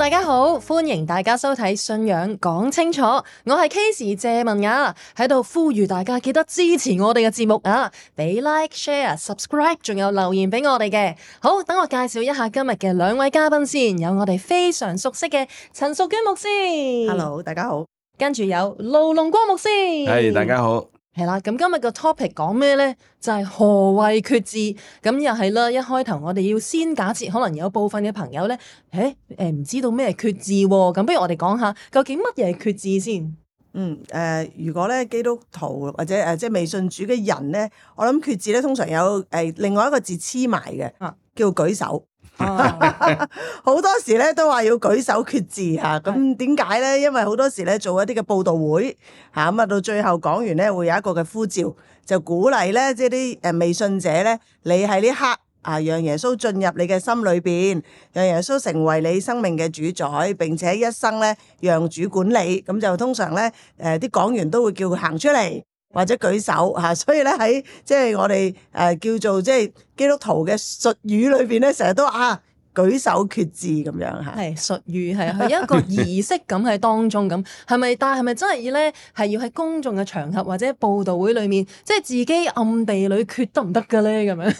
大家好，歡迎大家收睇《信仰講清楚》，我係 Casey 謝文雅喺度呼籲大家，記得支持我哋嘅節目啊，俾 like、share、subscribe，仲有留言俾我哋嘅。好，等我介紹一下今日嘅兩位嘉賓先，有我哋非常熟悉嘅陳淑娟牧師，Hello，大家好，跟住有盧龍光牧師，係、hey, 大家好。係啦，咁今日個 topic 講咩咧？就係何為決志，咁又係啦。一開頭我哋要先假設，可能有部分嘅朋友咧，誒誒唔知道咩係決志，咁不如我哋講下究竟乜嘢係決志先？嗯，誒、呃，如果咧基督徒或者誒、呃、即係未信主嘅人咧，我諗決志咧通常有誒、呃、另外一個字黐埋嘅，叫舉手。好 多時咧都話要舉手決志，吓，咁點解呢？因為好多時咧做一啲嘅報道會吓，咁啊到最後講完咧會有一個嘅呼召，就鼓勵咧即係啲誒未信者咧，你喺呢刻啊讓耶穌進入你嘅心裏邊，讓耶穌成為你生命嘅主宰，並且一生咧讓主管理。咁就通常咧誒啲講員都會叫佢行出嚟。或者舉手吓，所以咧喺即係我哋誒叫做即係基督徒嘅術語裏邊咧，成日都啊舉手決志咁樣吓，係術、 嗯、語係去一個儀式咁喺當中咁，係咪？但係係咪真係要咧？係要喺公眾嘅場合或者佈道會裏面，即係自己暗地裏決得唔得㗎咧？咁樣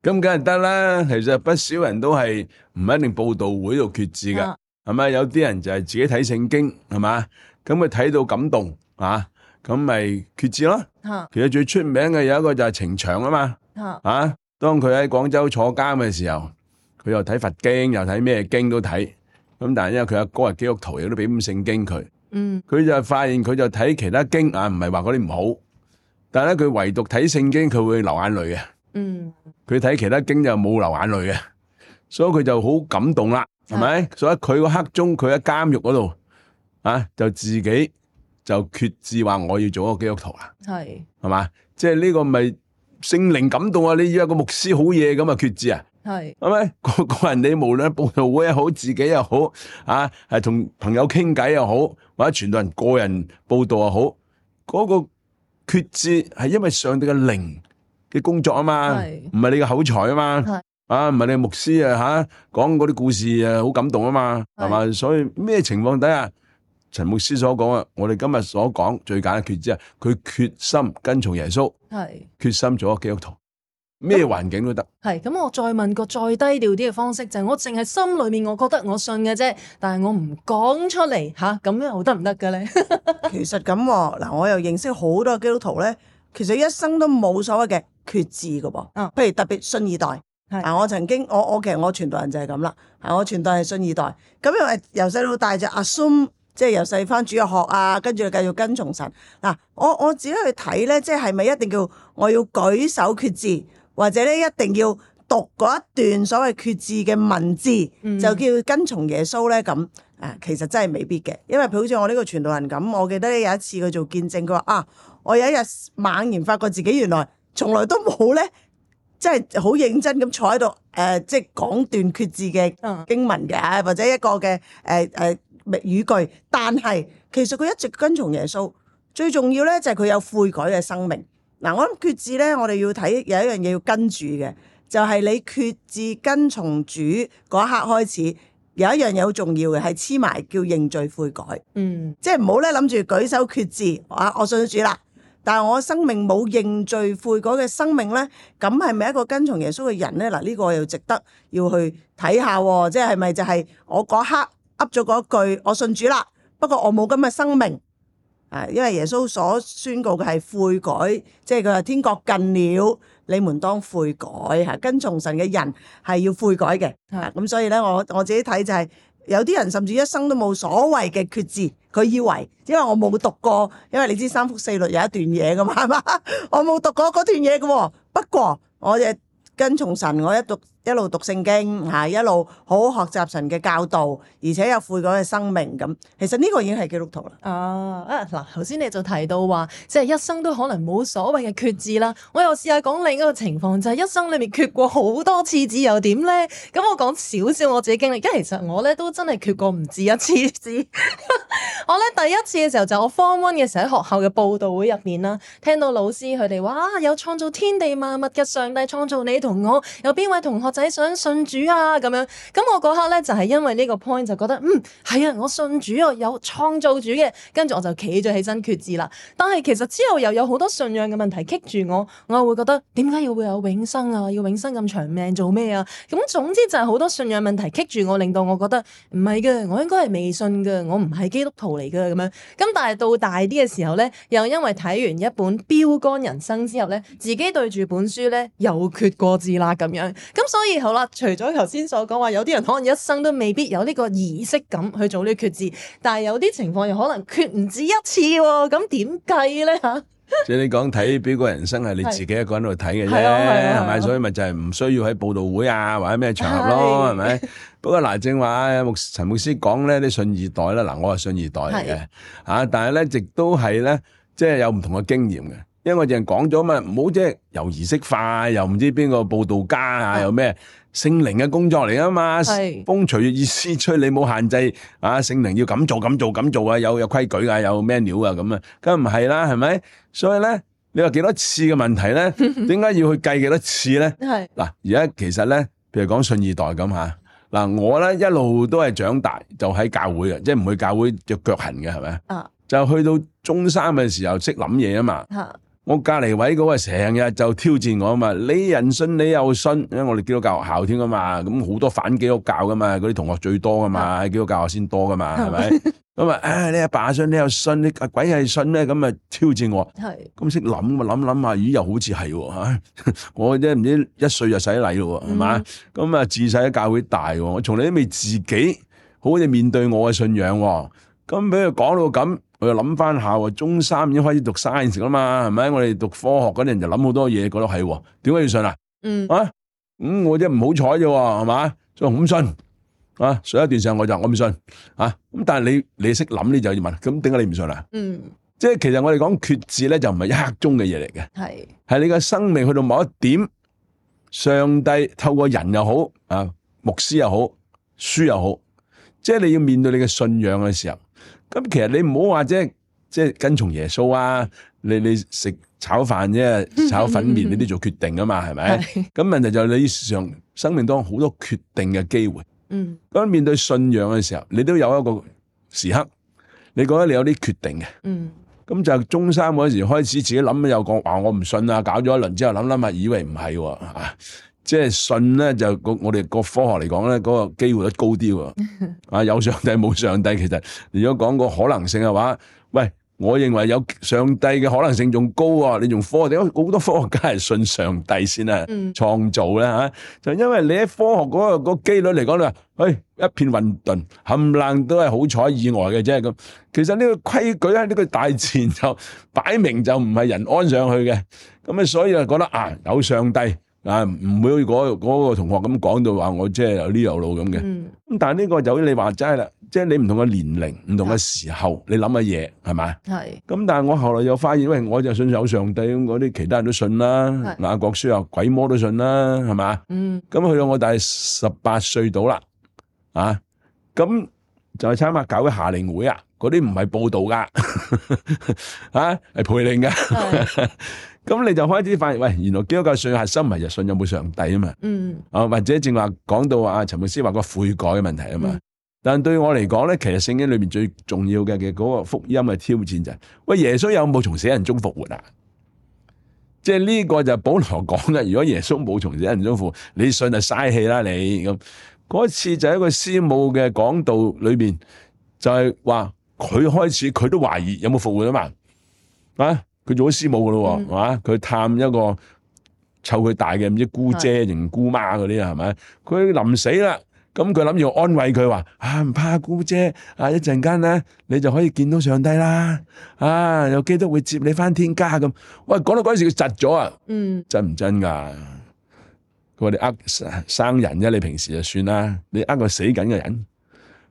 咁梗係得啦。其實不少人都係唔一定佈道會度決志噶，係咪、啊？有啲人就係自己睇聖經係嘛，咁佢睇到感動啊。咁咪決志咯。其實最出名嘅有一個就係程祥啊嘛。啊，當佢喺廣州坐監嘅時候，佢又睇佛經，又睇咩經都睇。咁但係因為佢阿哥係基督徒，亦都俾咁聖經佢。嗯。佢就發現佢就睇其他經啊，唔係話嗰啲唔好。但係咧，佢唯獨睇聖經，佢會流眼淚嘅。嗯。佢睇其他經就冇流眼淚嘅，所以佢就好感動啦，係咪？所以佢個黑中，佢喺監獄嗰度啊，就自己。就決志話我要做一個基督徒啦，係係嘛？即係呢個咪聖靈感動啊！你以為個牧師好嘢咁啊決志啊，係係咪？個，個人你無論佈道會也好，自己也好啊，係同朋友傾偈又好，或者全個人個人佈道又好，嗰、嗰個決志係因為上帝嘅靈嘅工作啊嘛，係唔係？你嘅口才嘛是啊嘛、啊，啊，唔係你牧師啊嚇講嗰啲故事啊好感動啊嘛，係嘛是？所以咩情況底下。陳牧師所講啊，我哋今日所講最簡單決志啊，佢決心跟從耶穌，是決心做個基督徒，咩環境都得。係咁，嗯，我再問，個再低調啲嘅方式就係、是，我淨係心裏面我覺得我信嘅啫，但係我唔講出嚟，吓，咁樣好得唔得嘅咧？行行 其實咁嗱，我又認識好多基督徒咧，其實一生都冇所謂嘅決志噶噃。嗯。譬如特別信二代，嗱是、啊，我曾經我我其實我傳道人就係咁啦，我傳道係信二代，咁因為由細到大就 assume。即係由細翻主日學啊，跟住繼續跟從神嗱、啊。我我自己去睇咧，即係係咪一定要我要舉手決志，或者咧一定要讀嗰一段所謂決志嘅文字，就叫跟從耶穌咧咁？誒、啊，其實真係未必嘅，因為好似我呢個傳道人咁，我記得有一次佢做見證，佢話啊，我有一日猛然發覺自己原來從來都冇咧、呃，即係好認真咁坐喺度誒，即係講段決志嘅經文嘅，或者一個嘅誒誒，呃呃語句，但係其實佢一直跟從耶穌，最重要咧就係佢有悔改嘅生命。嗱，我諗決志咧，我哋要睇有一樣嘢要跟住嘅，就係、是、你決志跟從主嗰刻開始，有一樣嘢好重要嘅，係黐埋叫認罪悔改。嗯，即係唔好咧諗住舉手決志。啊，我信主啦，但係我生命冇認罪悔改嘅生命咧，咁係咪一個跟從耶穌嘅人咧？嗱，呢、這個又值得要去睇下、啊，即係咪就係我嗰刻？噏咗嗰句，我信主啦。不過我冇咁嘅生命，啊，因為耶穌所宣告嘅係悔改，即係佢話天國近了，你們當悔改。嚇，跟從神嘅人係要悔改嘅。嚇的，咁、啊、所以咧，我我自己睇就係、是、有啲人甚至一生都冇所謂嘅決志，佢以為因為我冇讀過，因為你知三福四律有一段嘢噶嘛，係嘛？ 我冇讀過嗰段嘢噶喎。不過我嘅跟從神，我一讀。一路讀聖經，吓一路好好學習神嘅教導，而且有悔改嘅生命咁。其實呢個已經係基督徒啦。哦，啊嗱，頭先你就提到話，即係一生都可能冇所謂嘅決志啦。我又試下講另一個情況，就係、是、一生裏面決過好多次志又呢、嗯、點咧？咁我講少少我自己經歷，因為其實我咧都真係決過唔止一次志。 我咧第一次嘅時候就是、我 Form 1嘅時候喺學校嘅佈道會入面啦，聽到老師佢哋話有創造天地萬物嘅上帝創造你同我，有邊位同學？你想信主啊？咁樣咁，咁我嗰刻咧就係因為呢個 point 就覺得嗯係啊，我信主啊，有創造主嘅，跟住我就企咗起身決志啦。但係其實之後又有好多信仰嘅問題棘住我，我又會覺得點解要會有永生啊？要永生咁長命做咩啊？咁總之就係好多信仰問題棘住我，令到我覺得唔係嘅。我應該係未信嘅，我唔係基督徒嚟嘅。咁樣。咁但係到大啲嘅時候咧，又因為睇完一本標杆人生之後咧，自己對住本書咧又決過志啦，咁樣咁所以好啦，除咗頭先所講話，有啲人可能一生都未必有呢個儀式感去做呢個決志，但係有啲情況又可能決唔止一次喎、哦，咁點計咧嚇？即係你講睇表個人生係你自己一個人度睇嘅啫，係咪？所以咪就係唔需要喺佈道會啊，或者咩場合咯，係咪是的？不過嗱，正話啊，陳牧師講咧啲信二代啦，嗱，我係信二代嘅嚇的、啊，但係咧，亦都係咧，即係有唔同嘅經驗嘅。因為我淨係講咗嘛，唔好即係由儀式化，又唔知邊個報道家啊是，又咩聖靈嘅工作嚟？啊嘛？係風隨意思吹，是你冇限制啊？聖靈要咁做咁做咁做啊？有規啊有規矩噶？有咩料噶？咁啊？梗唔係啦，係咪？所以咧，你話幾多次嘅問題咧？點解要去計幾多次咧是？係嗱，而家其實咧，譬如講信二代咁吓，嗱，我咧一路都係長大就喺教會嘅，即係唔去教會就腳痕嘅，係咪啊？就去到中三嘅時候識諗嘢啊嘛。我隔籬位嗰個成日就挑戰我啊嘛，你人信你又信，因為我哋基督教學校添噶嘛，咁好多反基督教噶嘛，嗰啲同學最多噶嘛，基督教學校先多噶嘛，係咪？咁啊，你阿爸信你又信，你阿鬼係信咩？咁啊挑戰我，咁識諗，諗諗下，咦又好似係、哦， 我真唔知一歲就洗禮咯，係嘛？咁啊、嗯、自細喺教會大、哦，我從嚟都未自己好似面對我嘅信仰、哦。咁俾佢講到咁。我又諗翻下喎，中三已經開始讀 science 啦嘛，係咪？我哋讀科學嗰啲人就諗好多嘢，覺得係點解要信啊？嗯啊，咁我真係唔好彩啫，係嘛？所以唔信啊！上一段上我就我唔信啊。咁但係你你識諗呢，就要問，咁點解你唔信啊？嗯，啊啊、嗯即係其實我哋講決志咧，就唔係一刻鐘嘅嘢嚟嘅，係係是你嘅生命去到某一點，上帝透過人又好啊，牧師又好，書又好，即係你要面對你嘅信仰嘅時候。咁其實你唔好話，即係即係跟從耶穌啊，你你食炒飯啫，炒粉麵你都做決定㗎嘛，係咪？咁問題就係你上生命當好多決定嘅機會，嗯，咁面對信仰嘅時候，你都有一個時刻，你覺得你有啲決定嘅，嗯，咁就中三嗰時開始自己諗又講，話我唔信啊，信搞咗一輪之後諗諗下，想想想以為唔係啊。即係信咧，就我哋個科學嚟講咧，嗰個機會率高啲喎。啊，有上帝冇上帝，其實如果講個可能性嘅話，喂，我認為有上帝嘅可能性仲高啊！你用科學，好多科學家係信上帝先啊，創造咧吓。就因為你喺科學嗰個個機率嚟講，你話，喂，一片混沌冚唪唥都係好彩意外嘅啫咁。其實呢個規矩咧呢個大自然就擺明就唔係人安上去嘅，咁啊，所以啊覺得啊有上帝。啊，唔會嗰、那、嗰、個那個同學咁講到話我即係有呢有路咁嘅，咁、嗯、但係呢個有你話齋啦，即、就、係、是、你唔同嘅年齡，唔、嗯、同嘅時候，你諗嘅嘢係咪？係。咁是但係我後來又發現，喂，我就信有上帝，咁嗰啲其他人都信啦，雅是、啊、各書啊，鬼魔都信啦，係咪？嗯。咁去到我大十八歲到啦，啊，咁就係參啊搞嘅夏令會 啊，嗰啲唔係佈道噶，啊、嗯，係培靈噶。咁你就開始發現，喂，原來基督教信核心係信有冇上帝啊嘛？嗯，啊，或者正話講到啊，陳牧師話個悔改嘅問題啊嘛。嗯、但對我嚟講咧，其實聖經裏面最重要嘅嘅嗰個福音嘅挑戰就係、是，喂，耶穌有冇從死人中復活啊？即係呢個就係保羅講嘅，如果耶穌冇從死人中復活，你信就嘥氣啦，你咁嗰次就係一個師母嘅講道裏面就係話，佢開始佢都懷疑有冇復活啊嘛，啊？佢做咗師母噶咯，哇、嗯！佢、啊、探一個湊佢大嘅唔知姑姐定姑媽嗰啲啊，係咪？佢臨死啦，咁佢諗住安慰佢話：啊唔怕姑姐啊，一陣間咧你就可以見到上帝啦，啊有基督會接你翻天家咁。喂，講到嗰時佢窒咗啊，啊嗯、真唔真噶？佢話你呃生人啫，你平時就算啦，你呃個死緊嘅人。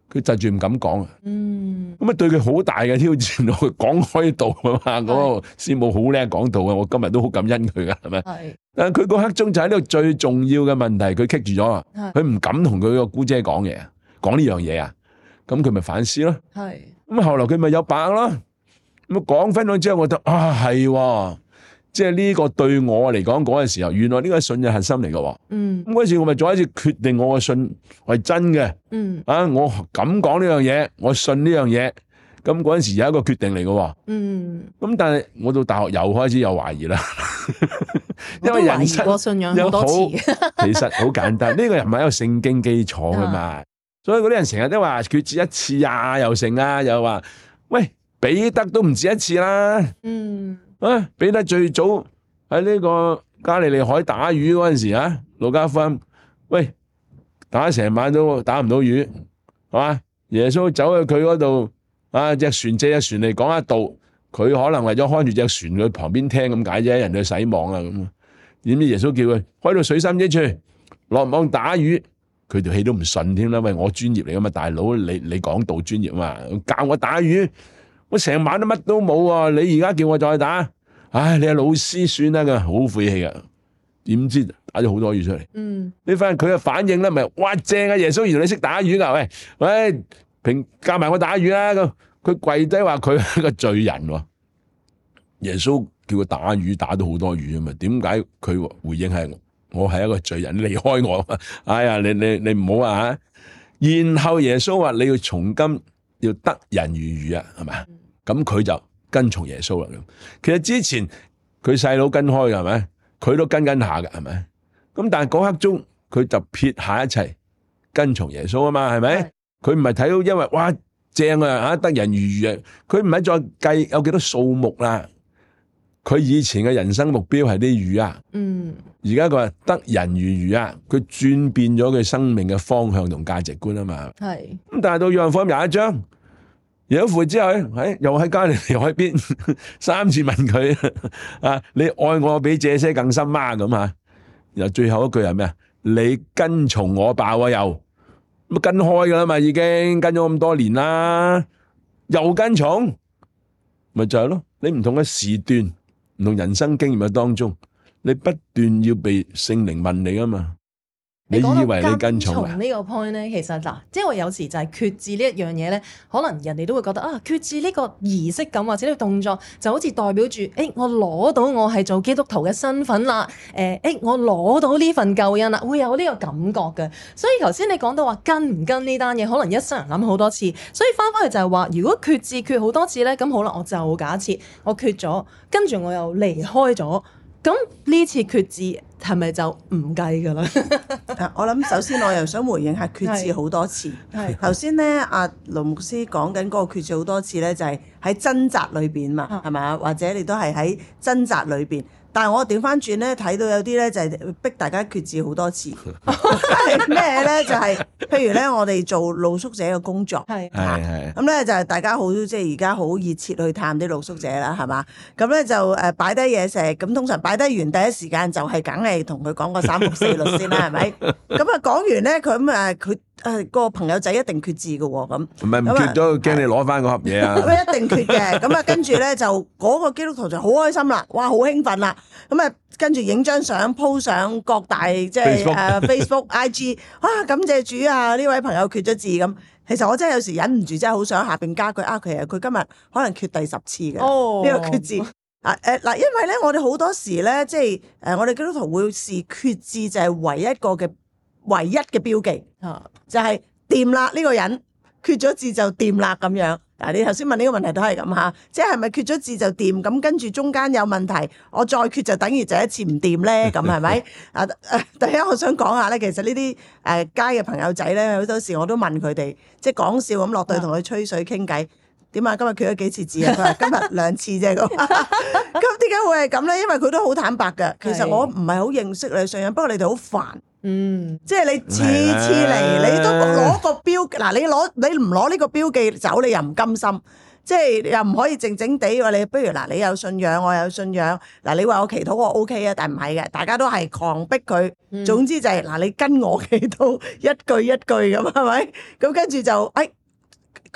佢窒住唔敢講啊，咁啊、嗯、對佢好大嘅挑戰。佢 講開道啊嘛，嗰是個師母好叻講道啊，我今日都好感恩佢噶，係咪？是但係佢個刻中就喺呢個最重要嘅問題，佢棘住咗啊，佢唔是敢同佢個姑姐講嘢，啊。講呢樣嘢啊，咁佢咪反思咯。係咁後嚟佢咪有把握咯。咁啊，講翻咗之後，我覺得啊係。即係呢個對我嚟講嗰陣時候，原來呢個信仰核心嚟嘅。嗯，咁嗰時我咪再一次決定我嘅信係真嘅。嗯，啊，我咁講呢樣嘢，我信呢樣嘢。咁嗰陣時有一個決定嚟嘅。嗯，咁但係我到大學又開始有懷疑啦。 因為人懷疑過信仰好多次。 其實好簡單。呢、這個人唔係一個聖經基礎噶嘛。嗯、所以嗰啲人成日都話決志一次啊，又成啊，又話喂，彼得都唔止一次啦。嗯。啊！俾得最早喺呢個加利利海打魚嗰陣時啊，路加福音，喂，打成晚都打唔到魚，係嘛？耶穌走去佢嗰度，啊，隻船借隻船嚟講一道，佢可能為咗看住隻船去旁邊聽咁解啫，人哋洗網啊咁。點知耶穌叫佢開到水深之處落網打魚，佢條氣都唔順添啦。喂，我專業嚟噶嘛，大佬，你你講道專業嘛，教我打魚。我成晚都乜都冇啊！你而家叫我再打，唉！你係老師算啦，噶好晦氣啊！點知打咗好多魚出嚟。嗯，你發現佢嘅反應咧，就是，咪哇正啊！耶穌原來你識打魚噶？喂喂，平教埋我打魚啦！咁佢跪低話佢係一個罪人咯。耶穌叫佢打魚，打到好多魚啊嘛？點解佢回應係我係一個罪人？離開我！哎呀，你你你唔好啊！然後耶穌話你要從今。要得人如魚啊，係咪啊？咁佢就跟從耶穌啦。其實之前佢細佬跟開嘅，係咪？佢都跟跟下嘅，係咪？咁但係嗰刻中佢就撇下一齊跟從耶穌啊嘛，係咪？佢唔係睇到因為哇正啊，吓得人如魚啊，佢唔係再計有幾多數目啦。佢以前嘅人生目標係啲魚啊，而家佢話得人如魚啊，佢轉變咗佢生命嘅方向同價值觀啊嘛。係是，咁但係到約翰福音廿一章養父之後，喺、哎、又喺加利利又喺邊 三次問佢啊，你愛我比這些更深嗎，啊？咁吓，然後最後一句係咩啊？你跟從我吧，啊，又咁跟開噶啦嘛，已經跟咗咁多年啦，又跟從，咪就係、是、咯，你唔同嘅時段。同人生經驗嘅當中，你不斷要被聖靈問你啊嘛。你以為你跟從呢、啊、個 point 咧，其實嗱、啊，即係我有時就係決志呢一樣嘢咧，可能人哋都會覺得啊，決志呢個儀式感或者呢個動作，就好似代表住，誒、哎，我攞到我係做基督徒嘅身份啦，誒、啊，誒、哎，我攞到呢份救恩啦，會有呢個感覺嘅。所以頭先你講到話跟唔跟呢單嘢，可能一生人諗好多次。所以翻返去就係話，如果決志決好多次咧，咁好啦，我就假設我決咗，跟住我又離開咗。咁呢次決戰係咪就唔計㗎啦？我諗首先我又想回應下決戰好多次。頭先咧，阿羅、啊、牧斯講緊嗰個決戰好多次咧，就係喺掙扎裏邊嘛，係咪啊？或者你都係喺掙扎裏邊。但係我調翻轉咧，睇到有啲咧就係逼大家決志好多次。咩咧？ 就係、是、譬如咧，我哋做露宿者嘅工作，係係咁咧就係、是、大家好即係而家好熱切去探啲露宿者啦，係嘛？咁、嗯、咧就誒擺低嘢食，咁通常擺低完，第一時間就係梗係同佢講個三六四律先啦，係咪？ 咁、嗯、啊講完咧，佢咁啊佢。呃誒、啊，個朋友仔一定決志嘅喎，咁唔係唔決咗，驚你攞翻個盒嘢啊！咁 一定決嘅，咁啊，跟住咧就嗰個基督徒就好開心啦，哇，好興奮啦！咁啊，跟住影張相，po 上各大即係誒、uh, Facebook、IG，啊，感謝主啊！呢位朋友決咗志咁。其實我真係有時忍唔住，真係好想下邊加句啊！佢啊，佢今日可能決第十次嘅呢、oh. 個決志啊！誒，嗱，因為咧，我哋好多時咧，即係誒，我哋基督徒會視決志就係唯一一個嘅。唯一嘅標記、就是這個、啊，就係掂啦。呢個人決咗志就掂啦咁樣。嗱，你頭先問呢個問題都係咁嚇，即係係咪決咗志就掂？咁跟住中間有問題，我再決就等於就一次唔掂咧？咁係咪？啊，第一我想講下咧，其實呢啲誒街嘅朋友仔咧，好多時我都問佢哋，即係講笑咁落隊同佢 吹水傾偈，點啊？今日決咗幾次志啊？佢話今日兩次啫。咁點解會係咁咧？因為佢都好坦白嘅。其實我唔係好認識你上恩，不過你哋好煩。 嗯，即係你次次嚟的，你都攞個標嗱，你攞你唔攞呢個標記走，你又唔甘心，即係又唔可以靜靜地話你，不如嗱，你有信仰我有信仰嗱，你話我祈禱我 OK 啊，但係唔係嘅，大家都係狂逼佢，總之就係、是、嗱，你跟我祈禱一句一句咁係咪？咁跟住就誒、哎，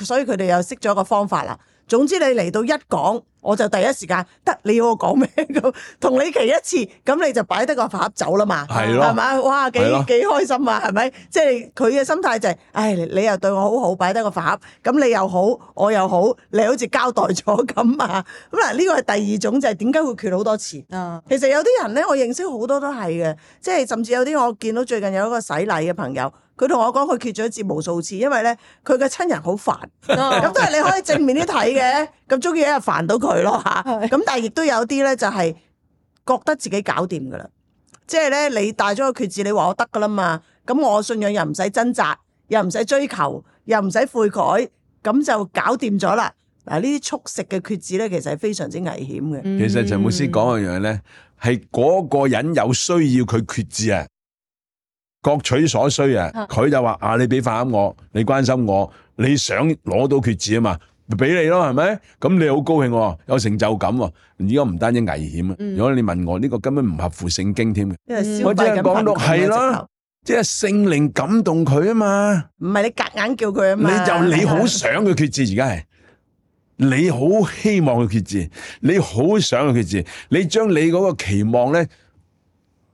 所以佢哋又識咗個方法啦。總之你嚟到一講，我就第一時間得你要我講咩咁，同 你期一次，咁你就擺得個飯盒走啦嘛，係嘛的？哇，幾的幾開心啊，係咪？即係佢嘅心態就係、是，唉，你又對我好好，擺得個飯盒，咁你又好，我又好，你好似交代咗咁啊嚇。咁嗱，呢個係第二種就係點解會決好多次？啊、嗯，其實有啲人咧，我認識好多都係嘅，即係甚至有啲我見到最近有一個洗禮嘅朋友。佢同我講，佢決咗志無數次，因為咧佢嘅親人好煩，咁都係你可以正面啲睇嘅。咁終於一日煩到佢咯嚇，咁 但係亦都有啲咧就係覺得自己搞掂噶啦，即係咧你帶咗個決志，你話我得噶啦嘛，咁我信仰又唔使掙扎，又唔使追求，又唔使悔改，咁就搞掂咗啦。嗱呢啲速食嘅決志咧，其實係非常之危險嘅。嗯、其實陳牧師講嘅樣咧，係嗰個人有需要佢決志啊。各取所需啊！佢就話啊，你俾飯我，你關心我，你想攞到決志啊嘛，就俾你咯，係咪？咁你好高興喎，有成就感喎。而家唔單止危險啊，嗯、如果你問我呢、這個根本唔合乎聖經添嘅，嗯、我只係講到係咯，憑憑了即係聖靈感動佢啊嘛，唔係你夾硬，硬叫佢啊嘛，你就你好想嘅決志，而家係你好希望嘅決志，你好想嘅決志，你將你嗰個期望咧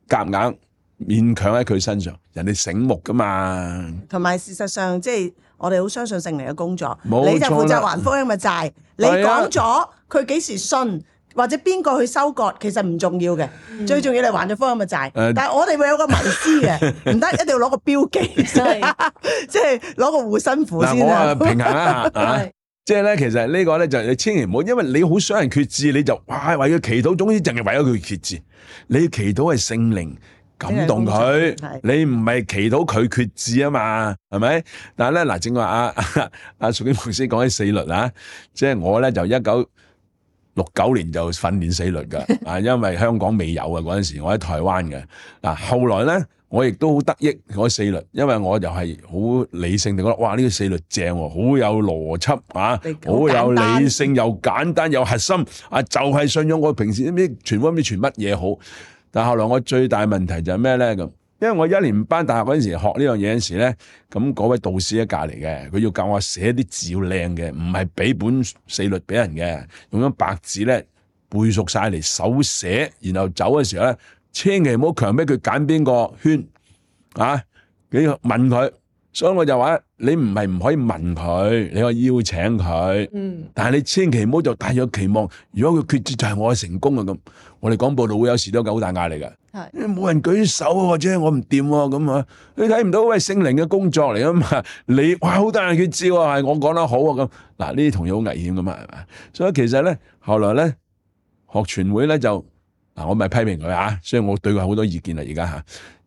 夾硬，硬。勉強喺佢身上，人哋醒目噶嘛？同埋事實上，即係我哋好相信聖靈嘅工作，你就負責還福音嘅債。你講咗佢幾時信，或者邊個去收割，其實唔重要嘅。最重要係還咗福音嘅債。但係我哋會有個迷思嘅，唔得一定要攞個標記，即係攞個護身符先。嗱，我平衡一下，即係咧，其實呢個咧就你千祈唔好，因為你好想人決志，你就哇為佢祈禱，總之淨係為咗佢決志。你祈禱係聖靈。感動佢，你唔係祈禱佢決志啊嘛，係咪？但係咧嗱，正話阿阿徐堅牧師講緊四律啊，即、就、係、是、我咧就一九六九年就訓練四律噶，啊， 因為香港未有嘅嗰陣時，我喺台灣嘅嗱，後來咧我亦都好得益嗰四律，因為我就係好理性地覺得，哇呢、這個四律正、啊，好有邏輯啊，好有理性，又簡單又核心，啊就係、是、信用我平時啲傳福音傳乜嘢好。但後來我最大問題就係咩咧咁？因為我一年班大學嗰陣時學呢樣嘢嗰陣時咧，咁嗰位導師喺隔離嘅，佢要教我寫啲字要靚嘅，唔係俾本四律俾人嘅，用咗白紙咧背熟晒嚟手寫，然後走嘅時候咧，千祈唔好強迫佢揀邊個圈啊！你要問佢。所以我就話，你唔係唔可以問佢，你話邀請佢，嗯、但係你千祈唔好就大有期望，如果佢決志就係我嘅成功啊咁，我哋講布道會有時都好大壓力噶，冇是、哎、人舉手或、啊、者我唔掂咁啊，你睇唔到喂聖靈嘅工作嚟，啊嘛，你哇好多人決志喎，係我講得好啊咁，嗱呢啲同意好危險噶嘛，係嘛，所以其實咧後來咧學傳會咧就嗱我咪批評佢啊，所以我對佢好多意見啦、啊，而家吓，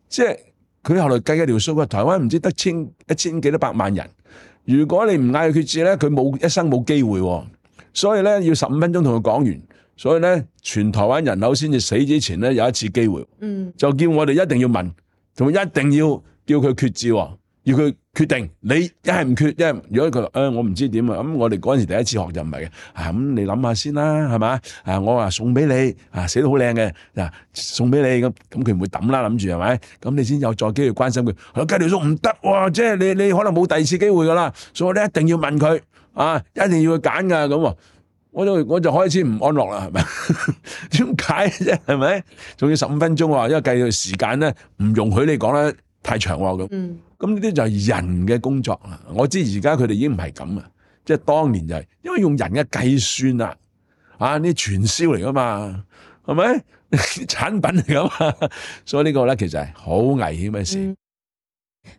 即係。佢後來計咗條數，台灣唔知得千一千幾多百萬人，如果你唔嗌佢決志咧，佢冇一生冇機會，所以咧要十五分鐘同佢講完，所以咧全台灣人口先至死之前咧有一次機會，就叫我哋一定要問，同埋一定要叫佢決志啊！要佢決定，你一係唔決，一係如果佢，誒，我唔知點啊，咁我哋嗰陣時第一次學就唔係嘅，啊，咁你諗下先啦，係咪？啊，我話送俾你，啊，寫得好靚嘅，嗱，送俾你，咁，咁佢唔會抌啦，諗住係咪？咁你先有再機會關心佢，啊，計條數唔得喎，即係你你可能冇第二次機會噶啦，所以我哋一定要問佢，啊，一定要去揀噶，咁啊，我就我就開始唔安樂啦，係咪？點解啫？係咪？仲要十五分鐘啊，因為計條時間咧，唔容許你講啦。太長喎，咁，咁呢啲就係人嘅工作啦。我知而家佢哋已經唔係咁啦，即係當年就係、是，因為用人嘅計算啦，啊呢啲傳銷嚟噶嘛，係咪 產品嚟噶嘛？所以個呢個咧其實係好危險嘅事。嗯。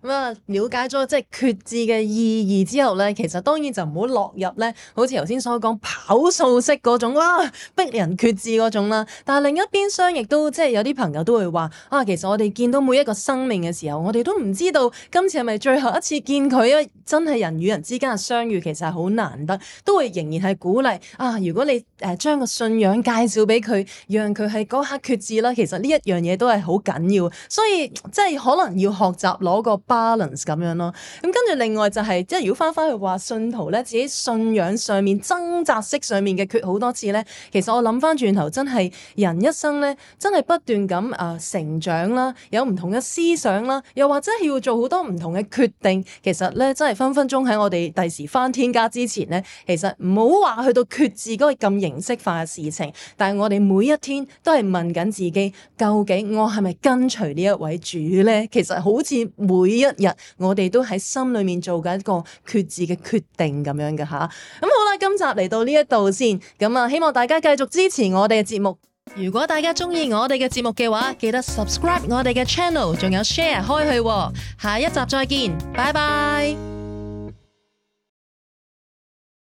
咁啊，了解咗即係決志嘅意義之後咧，其實當然就唔好落入咧，好似頭先所講跑數式嗰種啊，逼人決志嗰種啦。但係另一邊廂亦都即係有啲朋友都會話啊，其實我哋見到每一個生命嘅時候，我哋都唔知道今次係咪最後一次見佢啊。真係人與人之間嘅相遇，其實係好難得，都會仍然係鼓勵啊。如果你誒、呃、將個信仰介紹俾佢，讓佢係嗰刻決志啦，其實呢一樣嘢都係好緊要。所以即係可能要學習攞個。個 balance 咁樣咯，咁跟住另外就係即係如果翻翻去話信徒咧，自己信仰上面掙扎式上面嘅缺好多次咧，其實我諗翻轉頭真係人一生咧，真係不斷咁啊、呃、成長啦，有唔同嘅思想啦，又或者要做好多唔同嘅決定，其實咧真係分分鐘喺我哋第時翻天家之前咧，其實唔好話去到決志嗰個咁形式化嘅事情，但係我哋每一天都係問緊自己，究竟我係咪跟隨呢一位主咧？其實好似每每一日，我哋都喺心裏面做緊一個決志嘅決定咁樣嘅吓。咁、嗯、好啦，今集嚟到呢一度先，咁啊，希望大家繼續支持我哋嘅節目。如果大家中意我哋嘅節目嘅話，記得 subscribe 我哋嘅 channel，仲有 share 開去、哦。下一集再見，拜拜。